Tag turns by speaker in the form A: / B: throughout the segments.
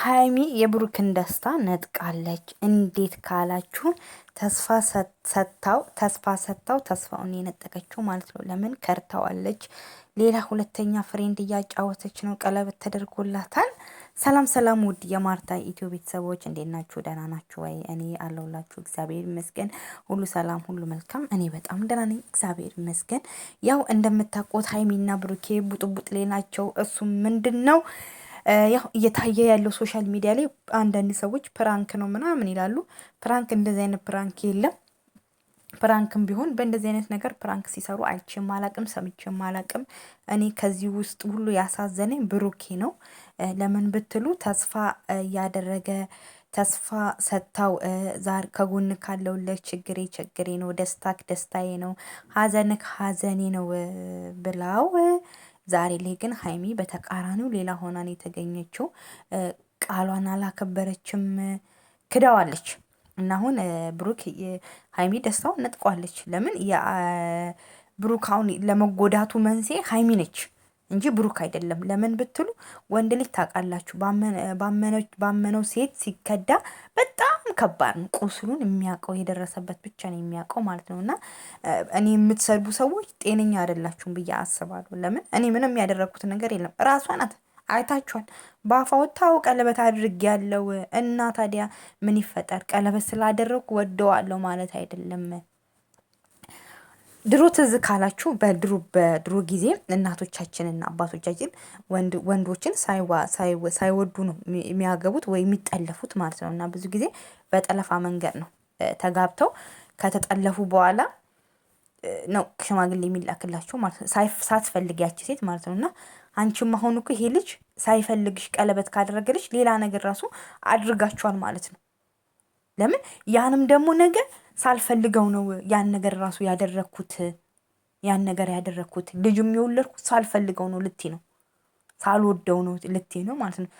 A: ሀይሚ የብሩክን ደስታ ነጥቃለች። እንዴት ካላችሁ ተስፋ ሰጥታው ተስፋ ሰጥታው ተስፋውን የነጠቀችው ማለት ነው። ለምን ከርታዋለች። ሌላ ሁለተኛ ፍሬንድ እያጫወተች ነው። ቀለበት ተደርጎላታል። ሰላም ሰላም፣ ውድ የማርታ ኢትዮ ቤተሰቦች እንዴት ናችሁ? ደህና ናችሁ ወይ? እኔ አለሁላችሁ። እግዚአብሔር ይመስገን፣ ሁሉ ሰላም፣ ሁሉ መልካም። እኔ በጣም ደህና ነኝ፣ እግዚአብሔር ይመስገን። ያው እንደምታውቁት ሀይሚና ብሩኬ ቡጥቡጥ ላይ ናቸው። እሱ ምንድን ነው ያው እየታየ ያለው ሶሻል ሚዲያ ላይ አንዳንድ ሰዎች ፕራንክ ነው ምናምን ይላሉ። ፕራንክ እንደዚህ አይነት ፕራንክ የለም። ፕራንክም ቢሆን በእንደዚህ አይነት ነገር ፕራንክ ሲሰሩ አይቼም አላቅም፣ ሰምቼም አላቅም። እኔ ከዚህ ውስጥ ሁሉ ያሳዘነኝ ብሩኬ ነው። ለምን ብትሉ ተስፋ እያደረገ ተስፋ ሰጥታው ዛር ከጎን ካለውለት ችግሬ ችግሬ ነው፣ ደስታክ ደስታዬ ነው፣ ሀዘንክ ሀዘኔ ነው ብላው ዛሬ ላይ ግን ሀይሚ በተቃራኒው ሌላ ነው የተገኘችው ቃሏን አላከበረችም፣ ክዳዋለች እና አሁን ብሩክ ሀይሚ ደስታውን ነጥቋለች። ለምን ብሩክ አሁን ለመጎዳቱ መንስኤ ሀይሚ ነች። እንጂ ብሩክ አይደለም። ለምን ብትሉ ወንድ ልጅ ታውቃላችሁ፣ ባመነው ሴት ሲከዳ በጣም ከባድ ነው። ቁስሉን የሚያውቀው የደረሰበት ብቻ ነው የሚያውቀው ማለት ነው። እና እኔ የምትሰድቡ ሰዎች ጤነኛ አይደላችሁም ብዬ አስባለሁ። ለምን እኔ ምንም ያደረግኩት ነገር የለም። ራሷ ናት፣ አይታችኋል። በአፏ ወጥታ ቀለበት አድርግ ያለው እና ታዲያ ምን ይፈጠር? ቀለበት ስላደረግኩ ወደዋለሁ ማለት አይደለም። ድሮ ትዝ ካላችሁ በድሮ በድሮ ጊዜ እናቶቻችንና አባቶቻችን ወንዶችን ሳይወዱ ነው የሚያገቡት ወይ የሚጠለፉት ማለት ነው። እና ብዙ ጊዜ በጠለፋ መንገድ ነው ተጋብተው ከተጠለፉ በኋላ ነው ሽማግሌ የሚላክላቸው ማለት ነው። ሳትፈልግ ሴት ማለት ነው። እና አንቺም አሁን እኮ ይሄ ልጅ ሳይፈልግሽ ቀለበት ካደረገልሽ ሌላ ነገር ራሱ አድርጋችኋል ማለት ነው። ለምን ያንም ደግሞ ነገር ሳልፈልገው ነው ያን ነገር ራሱ ያደረግኩት ያን ነገር ያደረግኩት ልጁም የወለድኩት ሳልፈልገው ነው ልቴ ነው ሳልወደው ነው ልቴ ነው ማለት ነው።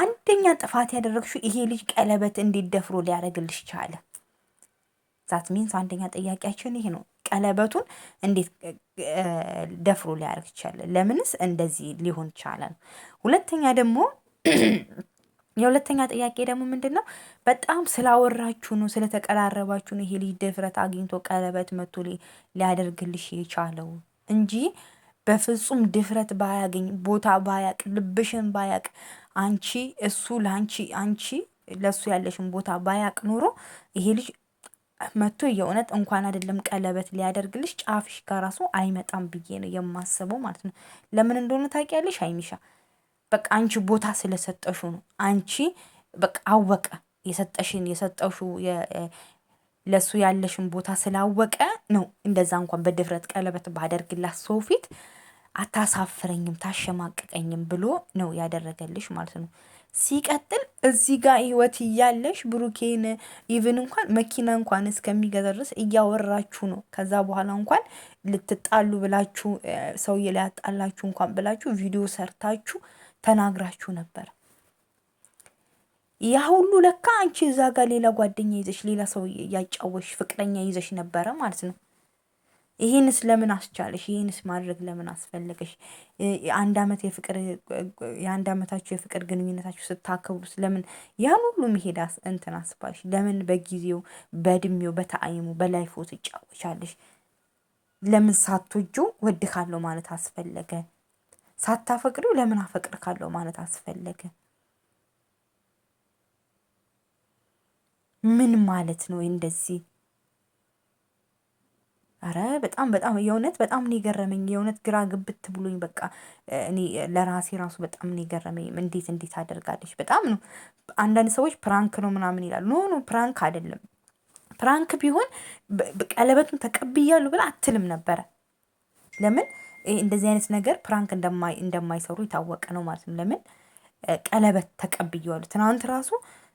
A: አንደኛ ጥፋት ያደረግሽው ይሄ ልጅ ቀለበት እንዴት ደፍሮ ሊያደርግልሽ ቻለ? ዛት ሚንስ አንደኛ ጥያቄያችን ይሄ ነው። ቀለበቱን እንዴት ደፍሮ ሊያደርግ ይቻለ? ለምንስ እንደዚህ ሊሆን ይቻላል? ሁለተኛ ደግሞ የሁለተኛ ጥያቄ ደግሞ ምንድን ነው? በጣም ስላወራችሁ ነው ስለተቀራረባችሁ ነው ይሄ ልጅ ድፍረት አግኝቶ ቀለበት መቶ ሊያደርግልሽ የቻለው እንጂ በፍጹም ድፍረት ባያገኝ ቦታ ባያቅ ልብሽን ባያቅ አንቺ እሱ ለአንቺ አንቺ ለእሱ ያለሽን ቦታ ባያቅ ኖሮ ይሄ ልጅ መቶ የእውነት እንኳን አይደለም ቀለበት ሊያደርግልሽ ጫፍሽ ጋር ራሱ አይመጣም ብዬ ነው የማስበው ማለት ነው። ለምን እንደሆነ ታውቂያለሽ አይሚሻ በቃ አንቺ ቦታ ስለሰጠሹ ነው። አንቺ በቃ አወቀ የሰጠሽን የሰጠሹ ለሱ ያለሽን ቦታ ስላወቀ ነው። እንደዛ እንኳን በድፍረት ቀለበት ባደርግላት ሰው ፊት አታሳፍረኝም፣ ታሸማቀቀኝም ብሎ ነው ያደረገልሽ ማለት ነው። ሲቀጥል እዚህ ጋር ህይወት እያለሽ ብሩኬን ኢቭን እንኳን መኪና እንኳን እስከሚገዛ ድረስ እያወራችሁ ነው። ከዛ በኋላ እንኳን ልትጣሉ ብላችሁ ሰውዬ ሊያጣላችሁ እንኳን ብላችሁ ቪዲዮ ሰርታችሁ ተናግራችሁ ነበር። ያ ሁሉ ለካ አንቺ እዛ ጋር ሌላ ጓደኛ ይዘሽ ሌላ ሰው እያጫወሽ ፍቅረኛ ይዘሽ ነበረ ማለት ነው። ይህንስ ለምን አስቻለሽ? ይህንስ ማድረግ ለምን አስፈለገሽ? አንድ አመት የፍቅር የአንድ አመታችሁ የፍቅር ግንኙነታችሁ ስታከብሩስ ለምን ያን ሁሉ መሄድ እንትን አስባሽ? ለምን በጊዜው በእድሜው በተአይሙ በላይፎ ትጫወቻለሽ? ለምን ሳትወጂው ወድካለሁ ማለት አስፈለገ? ሳታፈቅሪው ለምን አፈቅር ካለው ማለት አስፈለገ? ምን ማለት ነው እንደዚህ? አረ በጣም በጣም የእውነት በጣም ነው የገረመኝ። የእውነት ግራ ግብት ብሎኝ በቃ እኔ ለራሴ ራሱ በጣም ነው የገረመኝ። እንዴት እንዴት አደርጋለች? በጣም ነው። አንዳንድ ሰዎች ፕራንክ ነው ምናምን ይላሉ። ኖ ኖ ፕራንክ አይደለም። ፕራንክ ቢሆን ቀለበቱን ተቀብያሉ ብላ አትልም ነበረ። ለምን እንደዚህ አይነት ነገር ፕራንክ እንደማይሰሩ የታወቀ ነው ማለት ነው። ለምን ቀለበት ተቀብዬዋለሁ። ትናንት ራሱ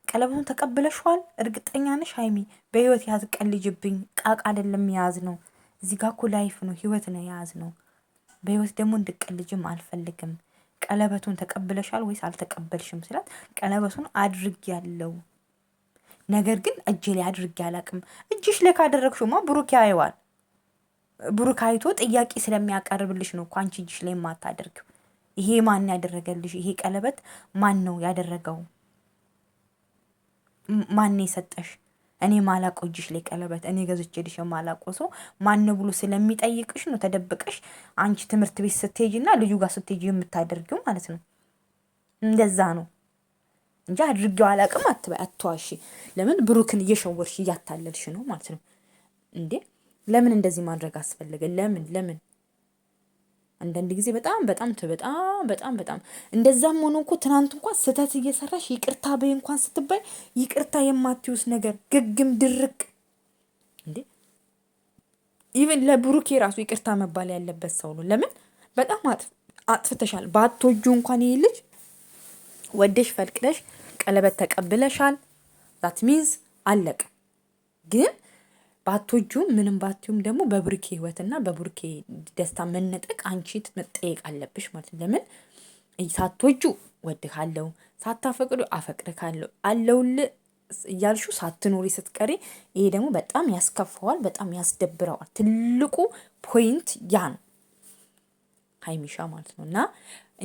A: ቀለበቱን ተቀብለሽዋል፣ እርግጠኛ ነሽ ሀይሚ? በህይወት ያዝ ቀልጅብኝ። ቃቃ አይደለም የያዝ ነው። እዚህ ጋ እኮ ላይፍ ነው፣ ህይወት ነው የያዝ ነው። በህይወት ደግሞ እንድቀልጅም አልፈልግም። ቀለበቱን ተቀብለሻል ወይስ አልተቀበልሽም ስላት ቀለበቱን አድርግ ያለው ነገር ግን እጅ ላይ አድርግ ያላቅም። እጅሽ ላይ ካደረግሽማ ብሩክ ያየዋል። ብሩክ አይቶ ጥያቄ ስለሚያቀርብልሽ ነው እኮ አንቺ እጅሽ ላይ የማታደርጊው። ይሄ ማን ያደረገልሽ? ይሄ ቀለበት ማን ነው ያደረገው? ማን የሰጠሽ? እኔ ማላቆ እጅሽ ላይ ቀለበት እኔ ገዝቼልሽ የማላቆ ሰው ማን ብሎ ስለሚጠይቅሽ ነው ተደብቀሽ አንቺ ትምህርት ቤት ስትሄጂ እና ልጁ ጋር ስትሄጂ የምታደርጊው ማለት ነው። እንደዛ ነው እንጂ አድርጌው አላቅም አትበይ፣ አትዋሺ። ለምን ብሩክን እየሸወርሽ እያታለልሽ ነው ማለት ነው እንዴ? ለምን እንደዚህ ማድረግ አስፈለገ? ለምን ለምን አንዳንድ ጊዜ በጣም በጣም በጣም በጣም በጣም እንደዛም ሆኖ እኮ ትናንት እንኳን ስህተት እየሰራሽ ይቅርታ በይ እንኳን ስትባይ ይቅርታ የማትዩስ ነገር ግግም ድርቅ እንዴ! ኢቨን ለብሩኬ ራሱ ይቅርታ መባል ያለበት ሰው ነው። ለምን በጣም አጥፍተሻል። ባቶጁ እንኳን ይህ ልጅ ወደሽ ፈልቅለሽ ቀለበት ተቀብለሻል። ዛት ሚንስ አለቀ ግን ባቶጁ ምንም ባትዩም ደግሞ በብሩኬ ህይወትና በብሩኬ ደስታ መነጠቅ አንቺ መጠየቅ አለብሽ ማለት ለምን ሳቶጁ ወድካለው ሳታፈቅዱ አፈቅርካለሁ አለውል እያልሹ ሳትኖሪ ስትቀሪ፣ ይሄ ደግሞ በጣም ያስከፋዋል፣ በጣም ያስደብረዋል። ትልቁ ፖይንት ያ ነው። ሀይሚሻ ማለት ነው። እና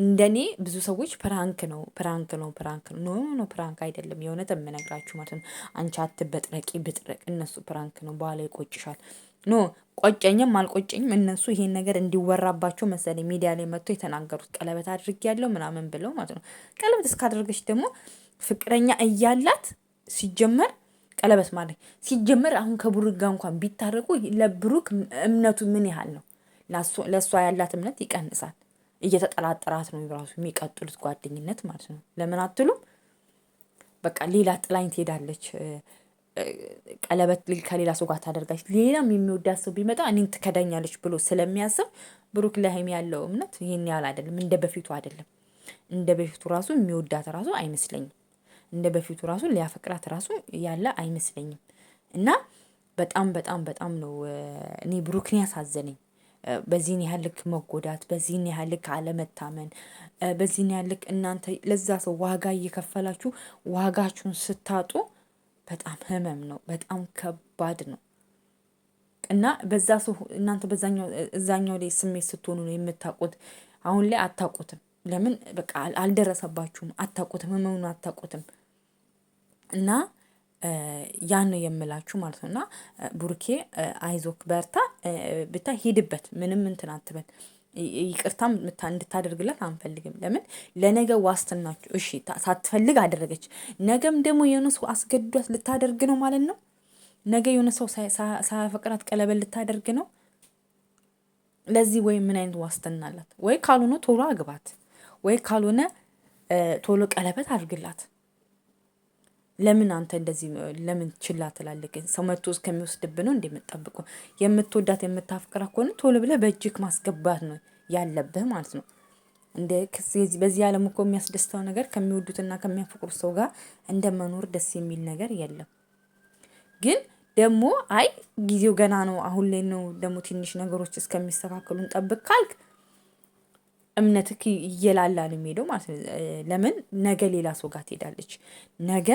A: እንደኔ ብዙ ሰዎች ፕራንክ ነው ፕራንክ ነው ፕራንክ ነው ኖ ኖ ፕራንክ አይደለም። የእውነት የምነግራችሁ ማለት ነው። አንቺ አትበጥረቂ፣ ብጥረቅ እነሱ ፕራንክ ነው በኋላ ይቆጭሻል። ኖ ቆጨኝም አልቆጨኝም እነሱ ይሄን ነገር እንዲወራባቸው መሰለኝ ሚዲያ ላይ መጥቶ የተናገሩት ቀለበት ያለው ምናምን ብለው ማለት ነው። ቀለበት እስካደረገች ደግሞ ፍቅረኛ እያላት ሲጀመር ቀለበት ማለት ሲጀመር አሁን ከብሩክ ጋር እንኳን ቢታረቁ ለብሩክ እምነቱ ምን ያህል ነው? ለእሷ ያላት እምነት ይቀንሳል። እየተጠላጠራት ነው ራሱ የሚቀጥሉት ጓደኝነት ማለት ነው። ለምን አትሉም? በቃ ሌላ ጥላኝ ትሄዳለች፣ ቀለበት ከሌላ ሰው ጋር ታደርጋለች፣ ሌላም የሚወዳት ሰው ቢመጣ እኔን ትከዳኛለች ብሎ ስለሚያስብ ብሩክ ለሀይሚ ያለው እምነት ይህን ያህል አይደለም። እንደ በፊቱ አይደለም። እንደ በፊቱ ራሱ የሚወዳት ራሱ አይመስለኝም። እንደ በፊቱ ራሱ ሊያፈቅራት ራሱ ያለ አይመስለኝም እና በጣም በጣም በጣም ነው እኔ ብሩክን ያሳዘነኝ። በዚህን ያህል ልክ መጎዳት፣ በዚህን ያህል ልክ አለመታመን፣ በዚህን ያህል ልክ እናንተ ለዛ ሰው ዋጋ እየከፈላችሁ ዋጋችሁን ስታጡ በጣም ህመም ነው። በጣም ከባድ ነው እና በዛ ሰው እናንተ እዛኛው ላይ ስሜት ስትሆኑ ነው የምታውቁት። አሁን ላይ አታውቁትም። ለምን በቃ አልደረሰባችሁም። አታውቁትም፣ ህመሙን አታውቁትም እና ያን ነው የምላችሁ ማለት ነው። እና ቡርኬ አይዞክ በርታ ብታ ሂድበት፣ ምንም እንትን አትበል። ይቅርታም እንድታደርግላት አንፈልግም። ለምን ለነገ ዋስትናችሁ። እሺ ሳትፈልግ አደረገች። ነገም ደግሞ የሆነ ሰው አስገድዷት ልታደርግ ነው ማለት ነው። ነገ የሆነ ሰው ሳያፈቅራት ቀለበት ልታደርግ ነው። ለዚህ ወይ ምን አይነት ዋስትና አላት? ወይ ካልሆነ ቶሎ አግባት፣ ወይ ካልሆነ ቶሎ ቀለበት አድርግላት። ለምን አንተ እንደዚህ ለምን ችላ ትላለህ? ሰው መቶ እስከሚወስድብ ነው እንደ የምጠብቀው። የምትወዳት የምታፍቅራ ከሆነ ቶሎ ብለህ በእጅህ ማስገባት ነው ያለብህ ማለት ነው። እንደ በዚህ ዓለም እኮ የሚያስደስተው ነገር ከሚወዱትና ከሚያፈቅሩት ሰው ጋር እንደ መኖር ደስ የሚል ነገር የለም። ግን ደግሞ አይ ጊዜው ገና ነው፣ አሁን ላይ ነው ደግሞ ትንሽ ነገሮች እስከሚስተካከሉን ጠብቅ ካልክ እምነትህ እየላላ ነው የሚሄደው ማለት ነው። ለምን ነገ ሌላ ሰው ጋር ትሄዳለች ነገ